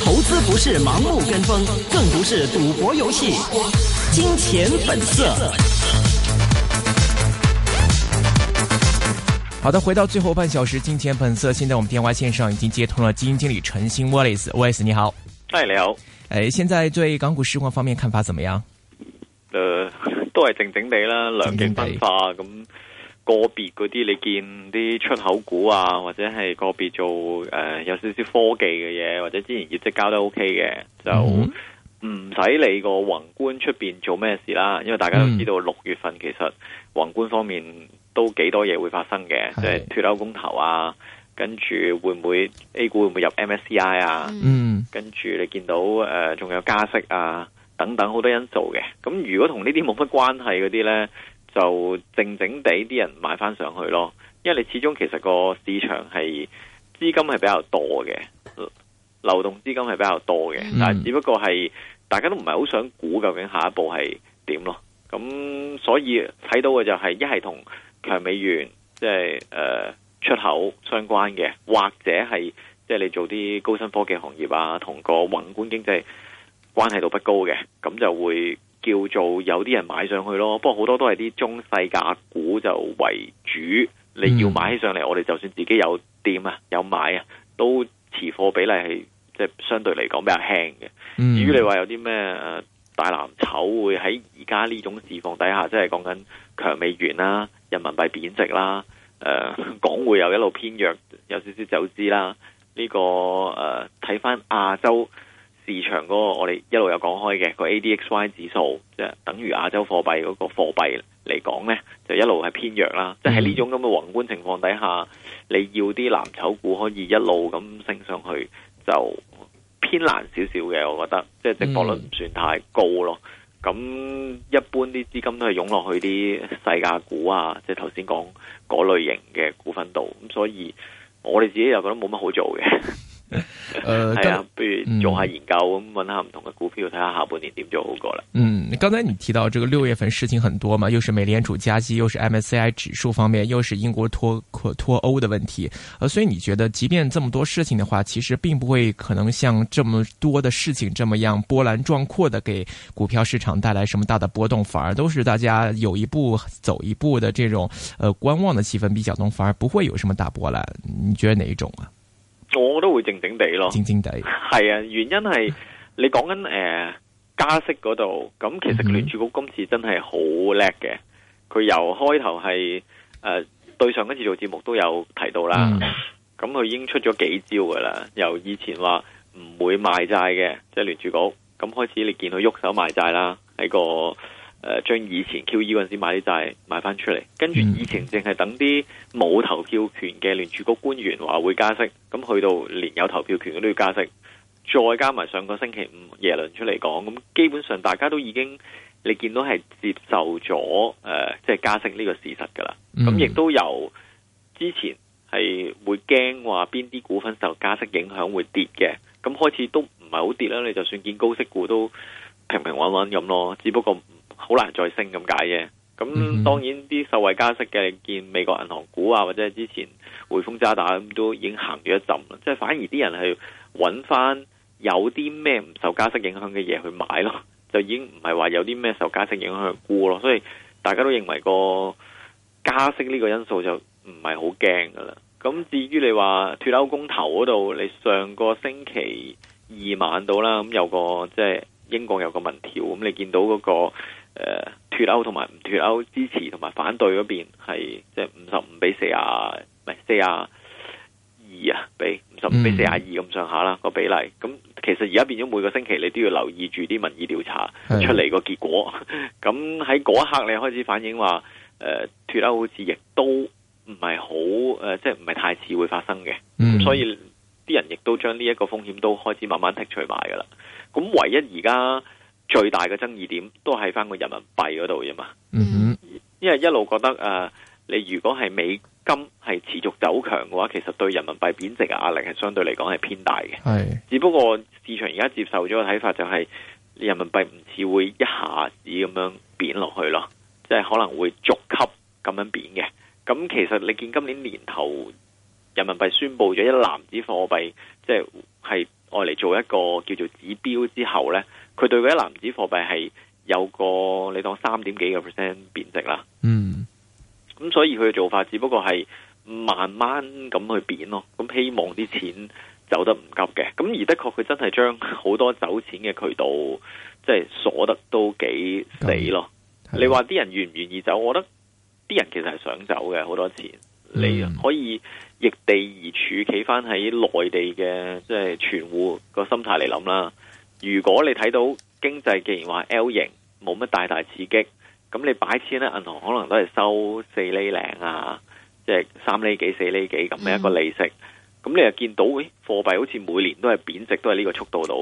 投資不是盲目跟風，更不是賭博遊戲。金錢本色。好的，回到最後半小時，金錢本色。現在我們電話線上已經接通了基金經理陳昕 Wallace，Wallace 你好。大家好。誒、欸，現在對港股市況方面看法怎麼樣？呃，都係靜靜地啦，兩極分化咁。UFO 個別嗰啲你見啲出口股啊，或者係個別做誒、呃、有少少科技嘅嘢，或者之前業績交得 OK 嘅，就唔使理個宏觀出邊做咩事啦。因為大家都知道六月份其實宏觀方面都幾多嘢會發生嘅，即係脫歐公投啊，跟住會唔會 A 股會唔會入 MSCI 啊？嗯，跟住你見到誒仲、呃、有加息啊等等好多因素嘅。咁如果同呢啲冇乜關係嗰啲呢。就靜靜地啲人買翻上去咯，因為你始終其實個市場係資金係比較多嘅，流動資金係比較多嘅，但係只不過係大家都唔係好想估究竟下一步係點咯，咁所以睇到嘅就係、是、一係同強美元即係誒出口相關嘅，或者係即係你做啲高新科技行業啊，同個宏觀經濟關係度不高嘅，咁就會。叫做有啲人買上去咯，不過好多都係啲中細價股就為主。你要買起上嚟，我哋就算自己有店啊、有買啊，都持貨比例係即係相對嚟講比較輕嘅。嗯、至於你話有啲咩大藍籌會喺而家呢種市況底下，即係講緊強美元啦、人民幣貶值啦、誒、呃、港匯又一路偏弱，有少少走資啦。呢、這個誒睇翻亞洲。市場嗰個我哋一路有講開嘅個 ADXY 指數，即係等於亞洲貨幣嗰個貨幣嚟講呢就一路係偏弱啦。即係呢種咁嘅宏觀情況底下，你要啲藍籌股可以一路咁升上去，就偏難少少嘅。我覺得即係值博率唔算太高咯。咁，嗯，一般啲資金都係湧落去啲細價股啊，即係頭先講嗰類型嘅股份度。咁所以我哋自己又覺得冇乜好做嘅。誒，係啊、 呃但哎，不如做下研究咁，搵、嗯、下唔同嘅股票，睇下下半年點做好過啦。嗯，剛才你提到這個六月份事情很多嘛，又是美聯儲加息，又是 MSCI 指數方面，又是英國脫克脫歐的問題，啊、呃，所以你覺得，即便這麼多事情的話，其實並不會可能像這麼多的事情這麼樣波瀾壯闊的給股票市場帶來什麼大的波動，反而都是大家有一步走一步的這種，呃，觀望的氣氛比較濃，反而不會有什麼大波瀾。你覺得哪一種啊？我都會靜靜地咯，靜靜地係啊。原因係你講緊誒加息嗰度，咁其實聯儲局今次真係好叻嘅。佢由開頭係誒對上一次做節目都有提到啦，咁佢已經出咗幾招㗎啦。由以前話唔會賣債嘅，即係聯儲局，咁開始你見佢喐手賣債啦，喺個。誒，將、呃、以前 QE 嗰陣時買啲債買翻出嚟，跟住以前淨係等啲冇投票權嘅聯儲局官員話會加息，咁去到連有投票權嘅都要加息，再加埋上，上個星期五耶倫出嚟講，咁基本上大家都已經你見到係接受咗誒，即、呃、係、就是、加息呢個事實噶啦，咁亦、嗯、都由之前係會驚話邊啲股份受加息影響會跌嘅，咁開始都唔係好跌啦，你就算見高息股都平平穩穩咁咯，只不過。好難再升咁解啫，咁當然啲受惠加息嘅，你見美國銀行股啊，或者係之前匯豐渣打咁都已經行咗一陣啦。即係反而啲人係揾翻有啲咩唔受加息影響嘅嘢去買咯，就已經唔係話有啲咩受加息影響去估咯。所以大家都認為個加息呢個因素就唔係好驚噶啦。咁至於你話脱歐公投嗰度，你上個星期二晚到啦，咁有個即係英國有個民調，咁你見到嗰個。誒，脫歐同埋唔脫歐支持同埋反對嗰邊係即係五十五比四十，唔係四十二啊，比五十五比四十二咁上下啦個比例。咁其實而家變咗每個星期你都要留意住啲民意調查出嚟個結果。咁喺嗰一刻你開始反映話，誒脫歐好似亦都唔係好誒，即係唔係太似會發生嘅。咁、嗯、所以啲人亦都將呢一個風險都開始慢慢剔除埋噶啦。咁唯一而家。最大嘅爭議點都喺翻個人民幣嗰度啫嘛。嗯哼，因為一路覺得誒、呃，你如果係美金係持續走強嘅話，其實對人民幣貶值嘅壓力係相對嚟講係偏大嘅。係是，只不過市場而家接受咗嘅睇法就係人民幣唔似會一下子咁樣貶落去咯，即係可能會逐級咁樣貶嘅。咁其實你見今年年頭人民幣宣布咗一籃子貨幣，即係係愛嚟做一個叫做指標之後咧。佢對嗰一籃子貨幣係有個你當三點幾個 percent 貶值啦。嗯，咁、嗯、所以佢嘅做法只不過係慢慢咁去貶咯。咁、嗯、希望啲錢走得唔急嘅。咁而的確佢真係將好多走錢嘅渠道，即係鎖得都幾死咯。嗯、你話啲人願唔願意走？我覺得啲人其實係想走嘅，好多錢你可以易地而處，企翻喺內地嘅即係存戶個心態嚟諗啦。如果你睇到經濟既然話 L 型，冇乜大大刺激，咁你擺錢咧，銀行可能都係收四厘零啊，即係三厘幾、四厘幾咁嘅一個利息。咁、嗯、你又見到，誒貨幣好似每年都係貶值，都係呢個速度到。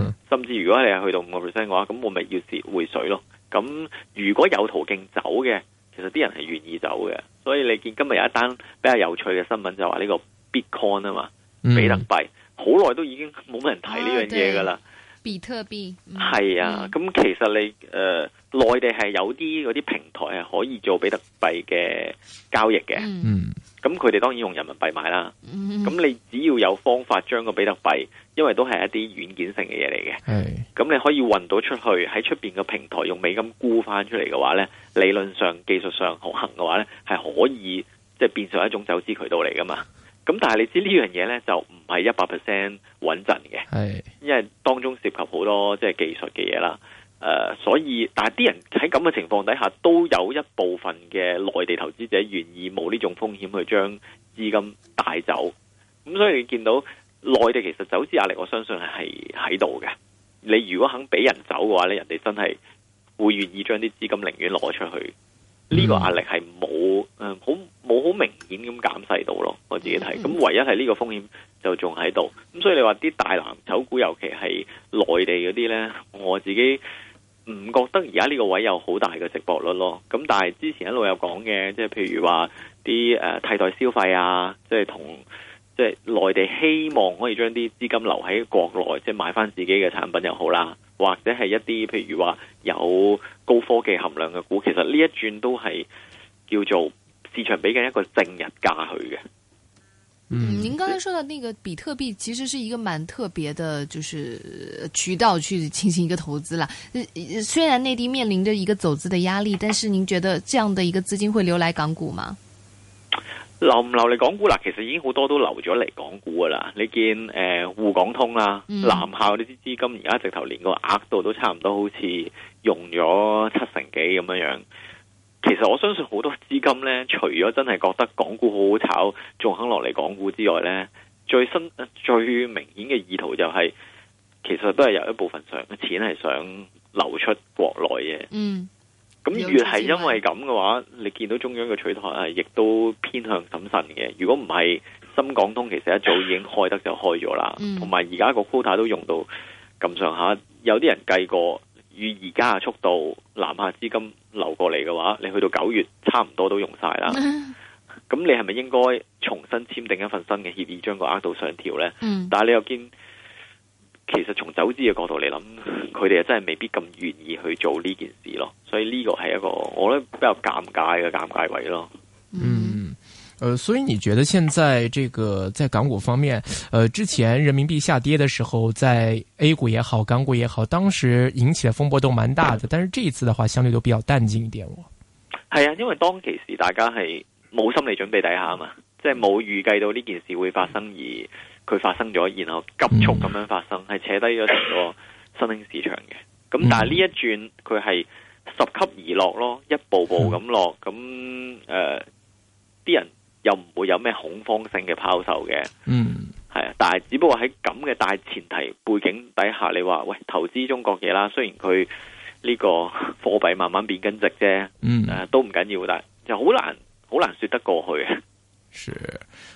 嗯、甚至如果你係去到五個 percent 嘅話，咁我咪要蝕匯水咯。咁如果有途徑走嘅，其實啲人係願意走嘅。所以你見今日有一單比較有趣嘅新聞，就話、是、呢個 Bitcoin 啊嘛，比特幣好耐、嗯、都已經冇乜人睇呢樣嘢噶啦。嗯比特幣係、嗯、啊，咁、嗯、其實你誒內、呃、地係有啲嗰啲平台係可以做比特幣嘅交易嘅，嗯，咁佢哋當然用人民幣買啦，咁、嗯、你只要有方法將個比特幣，因為都係一啲軟件性嘅嘢嚟嘅，係是，咁你可以運到出去喺出邊嘅平台用美金沽翻出嚟嘅話咧，理論上技術上可行嘅話咧，係可以即係、就是、變成一種走資渠道嚟噶嘛。咁但係你知呢樣嘢呢，就唔係一百 percent 穩陣嘅，係因為當中涉及好多即係技術嘅嘢啦，誒、呃，所以但係啲人喺咁嘅情況底下，都有一部分嘅內地投資者願意冒呢種風險去將資金帶走，咁所以你見到內地其實走資壓力，我相信係喺度嘅。你如果肯俾人走嘅話呢，人哋真係會願意將啲資金寧願攞出去。呢個壓力係冇，誒好冇好明顯咁減細到咯。我自己睇，咁唯一係呢個風險就仲喺度。咁所以你話啲大藍籌股，尤其係內地嗰啲呢，我自己唔覺得而家呢個位有好大嘅值博率咯。咁但係之前一路有講嘅，即係譬如話啲誒替代消費啊，即係同。即係內地希望可以將啲資金留喺國內，即係買翻自己嘅產品又好啦，或者係一啲譬如話有高科技含量嘅股，其實呢一轉都係叫做市場俾緊一個正日價去嘅。嗯，您剛才說到那個比特幣，其實是一個蠻特別的，就是渠道去進行一個投資啦。雖然內地面臨着一個走資的壓力，但是您覺得這樣的一個資金會流來港股嗎？留唔留嚟港股嗱，其實已經好多都留咗嚟港股噶啦。你見誒滬港通啦，南下呢啲資金而家直頭連個額度都差唔多，好似用咗七成幾咁樣樣。其實我相信好多資金咧，除咗真係覺得港股好好炒，仲肯落嚟港股之外咧，最新最明顯嘅意圖就係，其實都係有一部分上嘅錢係想流出國內嘅。嗯咁越係因為咁嘅話，你見到中央嘅取態係亦都偏向審慎嘅。如果唔係深港通，其實一早已經開得就開咗啦。同埋而家個 quota 都用到咁上下，有啲人計過，與而家嘅速度，南下資金流過嚟嘅話，你去到九月差唔多都用晒啦。咁、嗯、你係咪應該重新簽訂一份新嘅協議，將個額度上調呢？嗯、但係你又見。其實從走資嘅角度嚟諗，佢哋真係未必咁願意去做呢件事咯。所以呢個係一個我覺得比較尷尬嘅尷尬位咯。嗯，誒、呃，所以你覺得現在這個在港股方面，誒、呃、之前人民幣下跌嘅時候，在 A 股也好，港股也好，當時引起嘅風波都蠻大嘅。但是這一次嘅話，相對都比較淡靜一點。我係、嗯、啊，因為當其時大家係冇心理準備底下啊嘛，即係冇預計到呢件事會發生而。嗯佢發生咗，然後急速咁樣發生，係、嗯、扯低咗成個新興市場嘅。咁、嗯、但係呢一轉，佢係拾級而落咯，一步步咁落。咁誒、嗯，啲、呃、人又唔會有咩恐慌性嘅拋售嘅。嗯，係啊。但係只不過喺咁嘅大前提背景底下，你話喂，投資中國嘢啦，雖然佢呢個貨幣慢慢貶緊值啫，嗯，誒、嗯，都唔緊要，但係就好難，好難，難說得過去。是、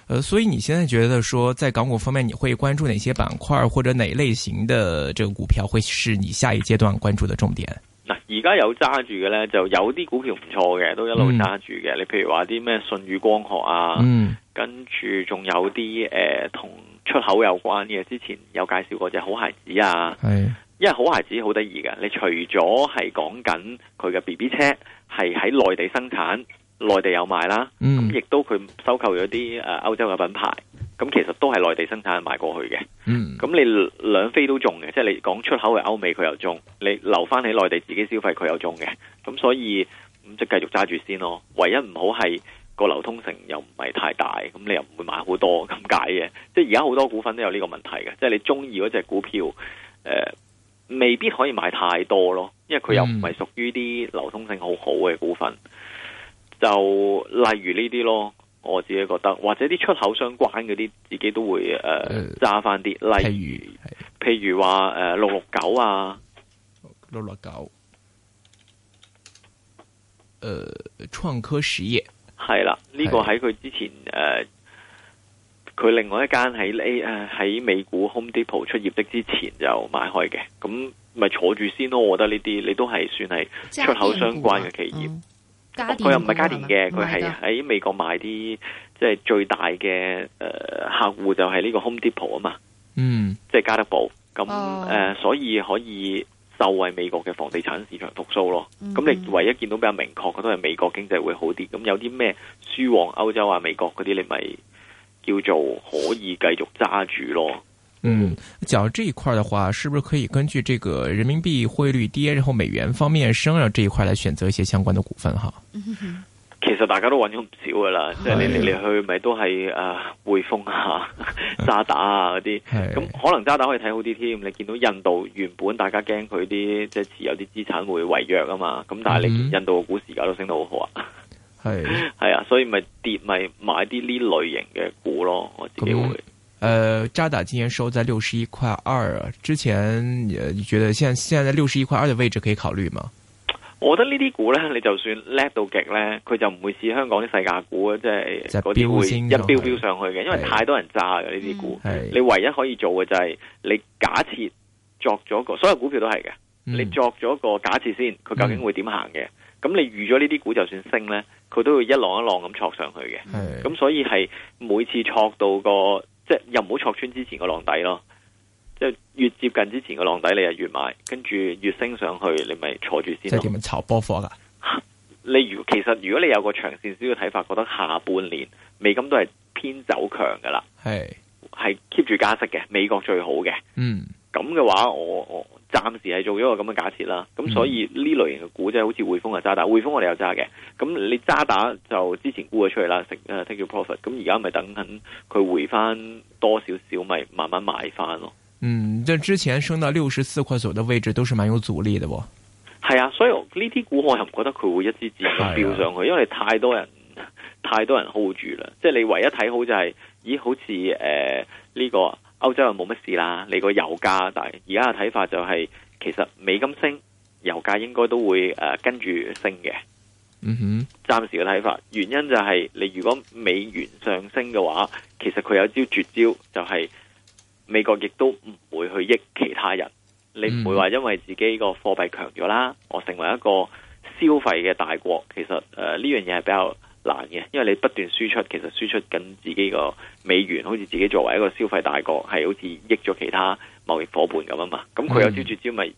呃，所以你現在覺得說，在港股方面，你會關注哪些板塊或者哪類型的這個股票會是你下一階段關注的重點？嗱，而家有揸住嘅呢，就有啲股票唔錯嘅，都一路揸住嘅。你、嗯、譬如話啲咩舜宇光學啊，嗯、跟住仲有啲誒同出口有關嘅，之前有介紹過隻好孩子啊，哎、因為好孩子好得意嘅，你除咗係講緊佢嘅 B B 車係喺內地生產。內地有賣啦，咁亦、嗯、都佢收購咗啲誒歐洲嘅品牌，咁其實都係內地生產賣過去嘅。咁、嗯、你兩飛都中嘅，即、就、係、是、你講出口去歐美佢又中，你留翻喺內地自己消費佢又中嘅。咁所以咁即係繼續揸住先咯。唯一唔好係個流通性又唔係太大，咁你又唔會買好多咁解嘅。即係而家好多股份都有呢個問題嘅，即、就、係、是、你中意嗰隻股票、呃，未必可以買太多咯，因為佢又唔係屬於啲流通性好好嘅股份。嗯就例如呢啲咯，我自己覺得，或者啲出口相關嗰啲，自己都會誒揸翻啲，例如譬、呃、如話誒六六九啊，六六九，誒創科實業，係啦，呢、這個喺佢之前誒，佢的、呃、另外一間喺 A 誒喺美股 Home Depot 出業績之前就買開嘅，咁咪坐住先咯。我覺得呢啲你都係算係出口相關嘅企業。嗯佢又唔係家電嘅，佢係喺美國買啲，即係最大嘅誒客戶就係呢個 Home Depot 啊嘛，嗯，即係家得寶，咁誒、哦呃、所以可以受惠美國嘅房地產市場復甦咯。咁、嗯、你唯一見到比較明確嘅都係美國經濟會好啲，咁有啲咩輸往歐洲啊、美國嗰啲，你咪叫做可以繼續揸住咯。嗯，講到這一塊的話，是不是可以根據這個人民幣匯率跌，然後美元方面升，然後這一塊來選擇一些相關的股份哈？其實大家都揾咗唔少噶啦，即係是的 你嚟嚟去咪都係誒匯豐啊、渣、啊、打啊嗰啲，咁是的、嗯、可能渣打可以睇好啲添。你見到印度原本大家驚佢啲即係持有啲資產會違約啊嘛，咁但係你印度嘅股市而家都升得好好啊，係係啊，所以咪跌咪買啲呢類型嘅股咯，我自己會。嗯誒、呃，渣打今年收在六十一塊二，啊。之前，你你覺得現在現在六十一塊二嘅位置可以考慮嗎？我覺得呢啲股咧，你就算叻到極咧，佢就唔會似香港啲細價股，即係即係嗰啲會一飆飆上去嘅，就是、因為太多人揸嘅呢啲股。嗯、你唯一可以做嘅就係、是、你假設作咗個，所有股票都係嘅，嗯、你作咗個假設先，佢究竟會點行嘅？咁、嗯、你預咗呢啲股就算升咧，佢都會一浪一浪咁挫上去嘅。咁所以係每次挫到個。即係又唔好戳穿之前個浪底咯，即係越接近之前個浪底，你就越買，跟住越升上去你，你咪坐住先咯。即係叫咩炒波火噶？ 你如其實如果你有個長線少嘅睇法，覺得下半年美金都係偏走強噶啦，係係 keep 住加息嘅，美國最好嘅。嗯，咁嘅話我我。我暫時係做咗個咁嘅假設啦，咁所以呢類型嘅股即係好似匯豐啊、渣打、匯豐我哋又揸嘅，咁你渣打就之前沽咗出去啦，take your profit，咁而家咪等緊佢回翻多少少，咪慢慢買翻咯。嗯，即係之前升到六十四塊左右嘅位置，都係蠻有阻力嘅喎。係啊，所以呢啲股我又唔覺得佢會一支箭咁飆上去，因為太多人太多人 hold 住啦。即係你唯一睇好就係，咦，好似誒呢個。歐洲又冇乜事啦，你個油價，但係而家嘅睇法就係、是、其實美金升，油價應該都會誒、呃、跟住升嘅。嗯哼、mm，hmm. 暫時嘅睇法，原因就係、是、你如果美元上升嘅話，其實佢有招絕招、就是，就係美國亦都唔會去益其他人，你唔會話因為自己個貨幣強咗啦，mm hmm. 我成為一個消費嘅大國，其實誒呢樣嘢係比較。難嘅，因為你不斷輸出，其實輸出緊自己個美元，好似自己作為一個消費大國，係好似益咗其他貿易夥伴咁啊嘛。咁、嗯、佢、嗯、有招住招，咪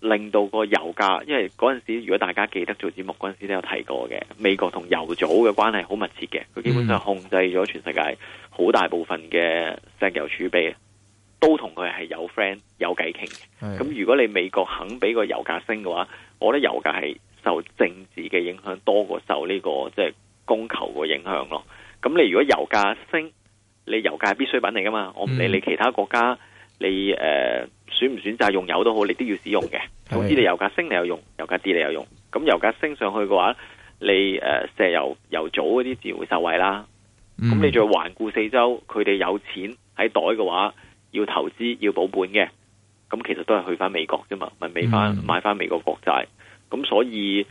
令到個油價。因為嗰陣時，如果大家記得做節目嗰陣時都有提過嘅，美國同油組嘅關係好密切嘅，佢基本上控制咗全世界好大部分嘅石油儲備，都同佢係有 friend 有偈傾嘅。咁的、嗯、如果你美國肯俾個油價升嘅話，我覺得油價係。受政治嘅影響多過受呢、這個即係、就是、供求嘅影響咯。咁你如果油價升，你油價係必需品嚟噶嘛？我唔理你其他國家，你誒、呃、選唔選擇用油都好，你都要使用嘅。總之你油價升你又用，油價跌你又用。咁油價升上去嘅話，你誒、呃、石油油組嗰啲自然會受惠啦。咁、嗯、你再環顧四周，佢哋有錢喺袋嘅話，要投資要保本嘅，咁其實都係去翻美國啫嘛，咪買翻買翻美國國債。嗯咁所以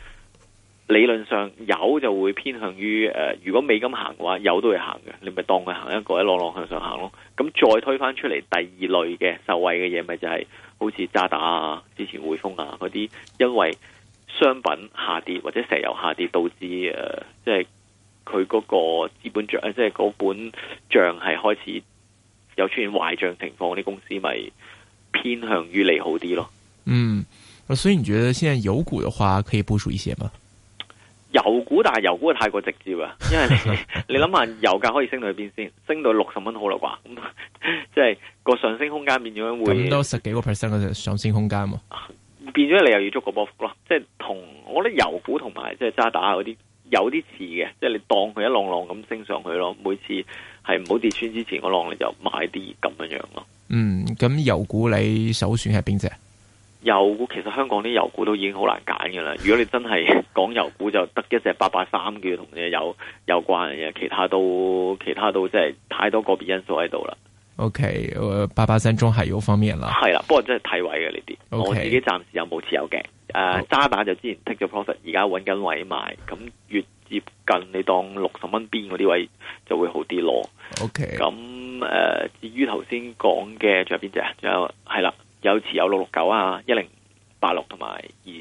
理論上油就會偏向於誒、呃，如果美金行嘅話，油都會行嘅，你咪當佢行一個一浪浪向上行咯。咁再推返出嚟第二類嘅受惠嘅嘢，就是，咪就係好似渣打啊、之前匯豐啊嗰啲，因為商品下跌或者石油下跌導致誒、呃，即係佢嗰個資本賬，即係嗰本賬係開始有出現壞賬情況，啲公司咪偏向於利好啲咯。嗯。所以你覺得現在油股嘅話可以部署一些嗎？油股，但係油股係太過直接啊，因為 你諗下油價可以升到去邊先？升到六十蚊好啦啩，咁即係個上升空間變咗樣會咁多十幾個 percent 嘅上升空間，變咗你又要捉個波幅咯。即係同我覺得油股同埋即係渣打嗰啲有啲似嘅，即係你當佢一浪浪咁升上去咯，每次係唔好跌穿之前嗰浪你就買啲咁樣樣咯。嗯，咁油股你首選係邊隻？油股其實香港啲油股都已經好難揀嘅啦。如果你真係講油股，就得一隻八八三嘅，同你有有關嘅嘢，其他都其他都即係太多個別因素喺度啦。OK，八八三中海油方面啦，係啦，不過真係睇位嘅呢啲，我自己暫時又冇持有嘅。誒、呃，Okay. 渣打就之前 take 咗 profit，而家揾緊位賣，咁越接近你當六十蚊邊嗰啲位就會好啲咯。OK，咁誒、呃，至於頭先講嘅，仲有邊隻？仲有係啦。有持有六六九啊，一零八六同埋二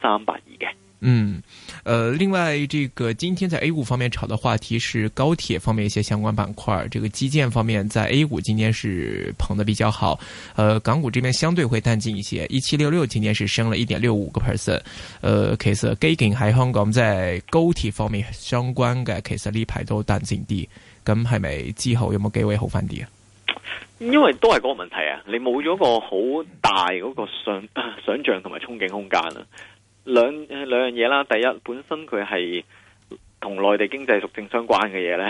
三八二嘅。嗯，誒、呃，另外，這個今天在 A 股方面炒的話題是高鐵方面一些相關板塊，這個基建方面在 A 股今天是捧得比較好。誒、呃，港股這邊相對會淡靜一些，一七六六今天是升了一點六五個 percent。誒、呃，其實，最近喺香港，在高鐵方面相關嘅，其實呢排都淡靜啲，咁係咪之後有冇機會好返啲啊？因為都係嗰個問題啊，你冇咗個好大嗰個想想象同埋憧憬空間啊。兩兩樣嘢啦，第一本身佢係同內地經濟屬性相關嘅嘢呢，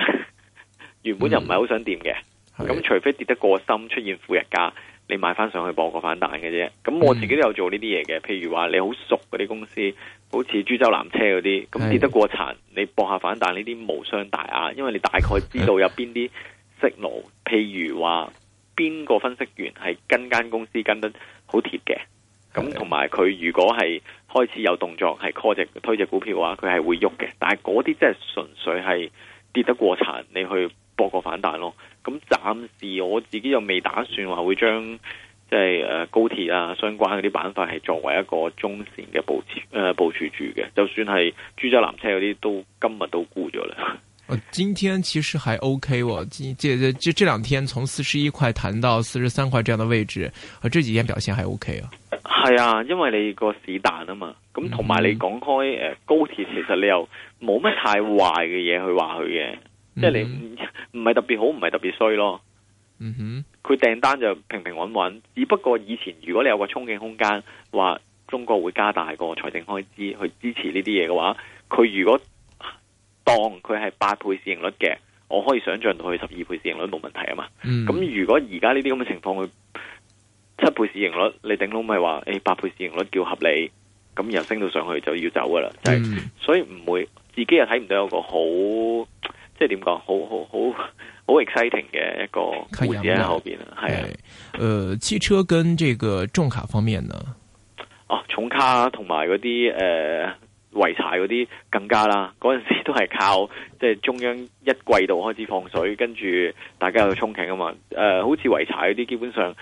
原本就唔係好想掂嘅，咁、嗯、除非跌得過深，出現負日價，你買翻上去博個反彈嘅啫。咁我自己都有做呢啲嘢嘅，譬如話你好熟嗰啲公司，好似株洲南車嗰啲，咁跌得過殘，你博下反彈呢啲無傷大雅，因為你大概知道有邊啲息奴，譬如話。邊個分析員係跟間公司跟得好貼嘅？咁同埋佢如果係開始有動作，係 call 隻推隻股票嘅話，佢係會喐嘅。但係嗰啲真係純粹係跌得過殘，你去搏個反彈咯。咁暫時我自己又未打算話會將即係誒高鐵啊相關嗰啲板塊係作為一個中線嘅部署誒佈置住嘅。就算係株洲南車嗰啲，都今日都沽咗啦。今天其實還 OK 喎，今這這這這兩天從四十一塊彈到四十三塊這樣的位置，啊這幾天表現還 OK 啊。係啊，因為你個市彈啊嘛，咁同埋你講開誒高鐵，其實你又冇乜太壞嘅嘢去話佢嘅，即係你唔唔係特別好，唔係特別衰咯。嗯哼，佢訂單就平平穩穩，只不過以前如果你有個憧憬空間，話中國會加大個財政開支去支持呢啲嘢嘅話，佢如果。嗯佢係八倍市盈率嘅，我可以想象到佢十二倍市盈率冇問題啊嘛。咁、嗯、如果而家呢啲咁嘅情況，佢七倍市盈率，你頂籠咪話誒八倍市盈率叫合理？咁又升到上去就要走噶啦，就係、是嗯、所以唔會自己又睇唔到有個好即係點講好好好 exciting 嘅一個。看樣子後邊係誒汽車跟這個重卡方面呢？哦、啊，重卡同埋嗰啲誒。呃維柴嗰啲更加啦，嗰陣時都係靠即係中央一季度開始放水，跟住大家又去憧憬啊嘛，誒、呃，好似圍柴嗰啲，基本上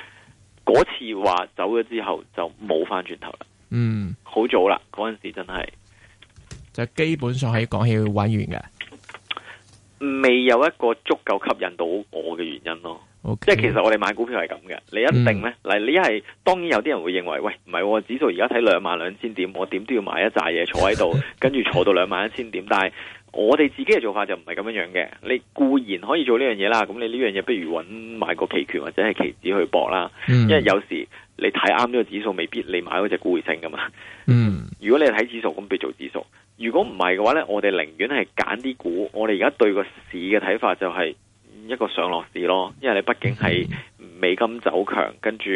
嗰次話走咗之後就冇返轉頭啦。嗯，好早啦，嗰陣時真係就基本上係講起玩完嘅，未有一個足夠吸引到我嘅原因咯。即係，Okay. 其實我哋買股票係咁嘅，你一定咧，嗱、嗯、你係當然有啲人會認為，喂唔係，指數而家睇兩萬兩千點，我點都要買一扎嘢，坐喺度， 跟住坐到兩萬一千點。但係我哋自己嘅做法就唔係咁樣樣嘅。你固然可以做呢樣嘢啦，咁你呢樣嘢不如搵買個期權或者係期指去搏啦。嗯、因為有時你睇啱咗個指數，未必你買嗰隻股會升噶嘛。嗯，如果你係睇指數，咁就做指數。如果唔係嘅話咧，我哋寧願係揀啲股。我哋而家對個市嘅睇法就係、是。一個上落市咯，因為你畢竟係美金走強，跟住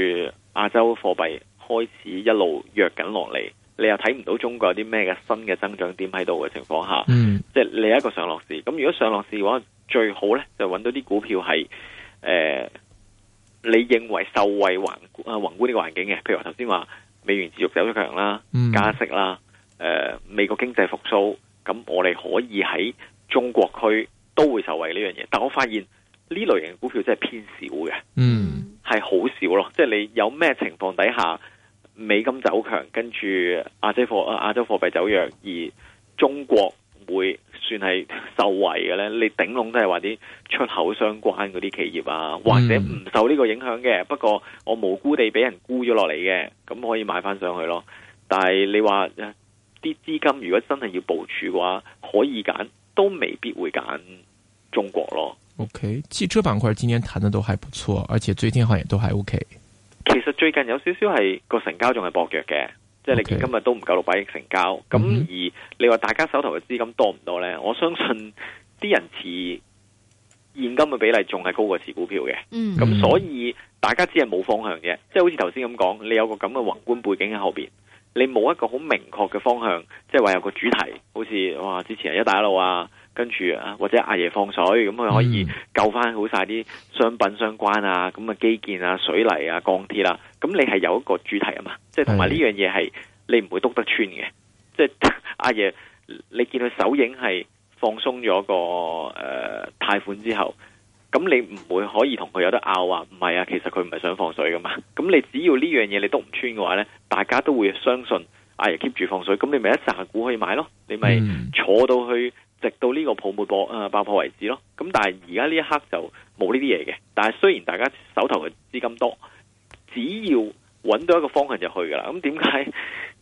亞洲貨幣開始一路弱緊落嚟，你又睇唔到中國有啲咩嘅新嘅增長點喺度嘅情況下，嗯、即係你一個上落市。咁如果上落市嘅話，最好呢就揾到啲股票係誒、呃，你認為受惠宏，宏觀呢個環境嘅，譬如話頭先話美元持續走強啦、加息啦、誒、呃、美國經濟復甦，咁我哋可以喺中國區都會受惠呢樣嘢。但我發現。呢類型嘅股票真係偏少嘅，嗯、係好少咯。即係你有咩情況底下美金走強，跟住亞洲貨亞洲貨幣走弱，而中國會算係受惠嘅呢？你頂籠都係話啲出口相關嗰啲企業啊，或者唔受呢個影響嘅。不過我無辜地俾人沽咗落嚟嘅，咁可以買翻上去咯。但係你話啲資金如果真係要部署嘅話，可以揀，都未必會揀中國咯。O、okay, K，汽車板塊今年彈得都還不錯，而且最近好像都還 O、okay、K。其實最近有少少係個成交仲係薄弱嘅，即係你今日都唔夠六百億成交。咁 Okay. 而你話大家手頭嘅資金多唔多呢？我相信啲人持現金嘅比例仲係高過持股票嘅。咁、mm hmm. 所以大家只係冇方向嘅，即係好似頭先咁講，你有個咁嘅宏觀背景喺後邊，你冇一個好明確嘅方向，即係話有個主題，好似哇之前係一帶一路啊。跟住啊，或者阿爺放水，咁佢可以救翻好晒啲商品相關啊，咁啊、嗯、基建啊、水泥啊、鋼鐵啊。咁你係有一個主題啊嘛，即係同埋呢樣嘢係你唔會篤得穿嘅。嗯、即係阿爺，你見佢手影係放鬆咗個誒貸、呃、款之後，咁你唔會可以同佢有得拗啊。唔係啊，其實佢唔係想放水噶嘛。咁你只要呢樣嘢你篤唔穿嘅話呢，大家都會相信阿爺 keep 住放水，咁你咪一扎股可以買咯，你咪坐到去。嗯去直到呢個泡沫破啊爆破為止咯，咁但係而家呢一刻就冇呢啲嘢嘅。但係雖然大家手頭嘅資金多，只要揾到一個方向就去㗎喇。咁點解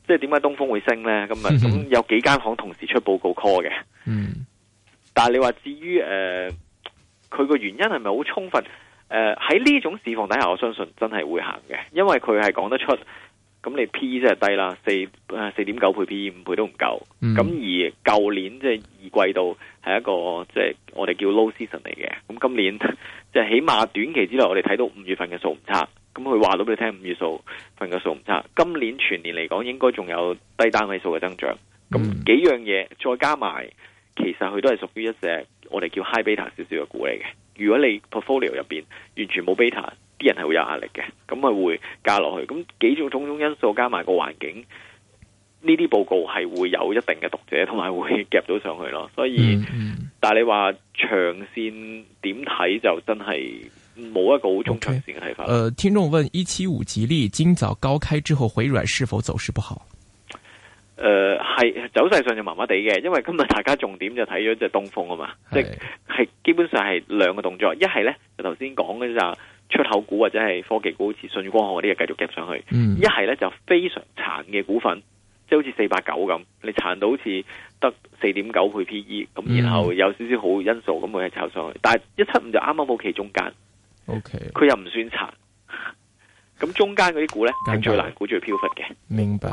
即係點解東風會升咧？咁啊，咁有幾間行同時出報告 call 嘅。嗯，但係你話至於誒，佢、呃、個原因係咪好充分？誒喺呢種市況底下，我相信真係會行嘅，因為佢係講得出。咁你 P 即係低啦，四誒四點九倍 P，五倍都唔夠。咁、嗯、而舊年即係、就是、二季度係一個即係、就是、我哋叫 low season 嚟嘅。咁今年即係、就是、起碼短期之內，我哋睇到五月份嘅數唔差。咁佢話到俾你聽，五月份數份嘅數唔差。今年全年嚟講，應該仲有低單位數嘅增長。咁、嗯、幾樣嘢再加埋，其實佢都係屬於一隻我哋叫 high beta 少少嘅股嚟嘅。如果你 portfolio 入邊完全冇 beta。啲人係會有壓力嘅，咁啊會加落去，咁幾種種種因素加埋個環境，呢啲報告係會有一定嘅讀者，同埋會夾到上去咯。所以，嗯嗯、但係你話長線點睇就真係冇一個好中長線嘅睇法。誒、okay。呃，聽眾問：一、e、七五吉利今早高開之後回軟，是否走勢不好？誒、呃，係走勢上就麻麻地嘅，因為今日大家重點就睇咗是隻東風啊嘛，即係基本上係兩個動作，一係呢，就頭先講嘅就。出口股或者係科技股，好似信光學嗰啲，繼續夾上去。一係咧就非常殘嘅股份，即係好似四百九咁，你殘到好似得四點九倍 PE，咁然後有少少好因素，咁佢係炒上去。但係一七五就啱啱好企中間，OK，佢又唔算殘。咁中間嗰啲股咧係覺最難估、最飄忽嘅。明白。